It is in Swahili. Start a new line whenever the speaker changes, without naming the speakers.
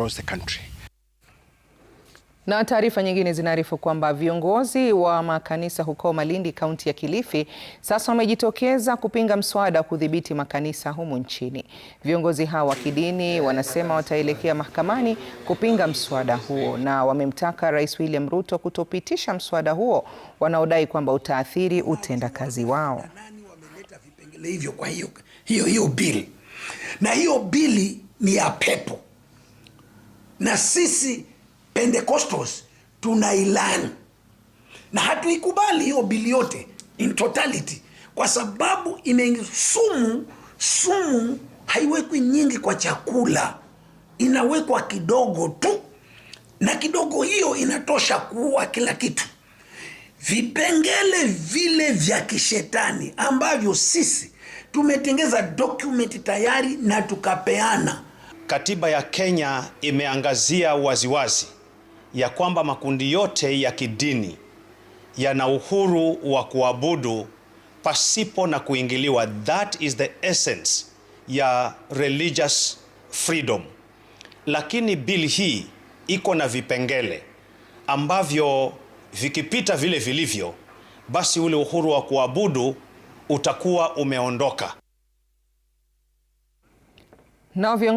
across the country.
Na taarifa nyingine zinaarifu kwamba viongozi wa makanisa huko Malindi, kaunti ya Kilifi, sasa wamejitokeza kupinga mswada wa kudhibiti makanisa humu nchini. Viongozi hao wa kidini wanasema wataelekea mahakamani kupinga mswada huo, na wamemtaka Rais William Ruto kutopitisha mswada huo wanaodai kwamba utaathiri utendakazi wao.
Hiyo hiyo bili na hiyo bili ni ya pepo na sisi Pentecostals tunailani na hatuikubali hiyo bili yote in totality, kwa sababu imesumu sumu. haiwekwi nyingi kwa chakula, inawekwa kidogo tu, na kidogo hiyo inatosha kuua kila kitu. Vipengele vile vya kishetani ambavyo sisi tumetengeza document tayari na tukapeana
Katiba ya Kenya imeangazia waziwazi ya kwamba makundi yote ya kidini yana uhuru wa kuabudu pasipo na kuingiliwa. That is the essence ya religious freedom. Lakini bill hii iko na vipengele ambavyo vikipita vile vilivyo, basi ule uhuru wa kuabudu utakuwa umeondoka Now,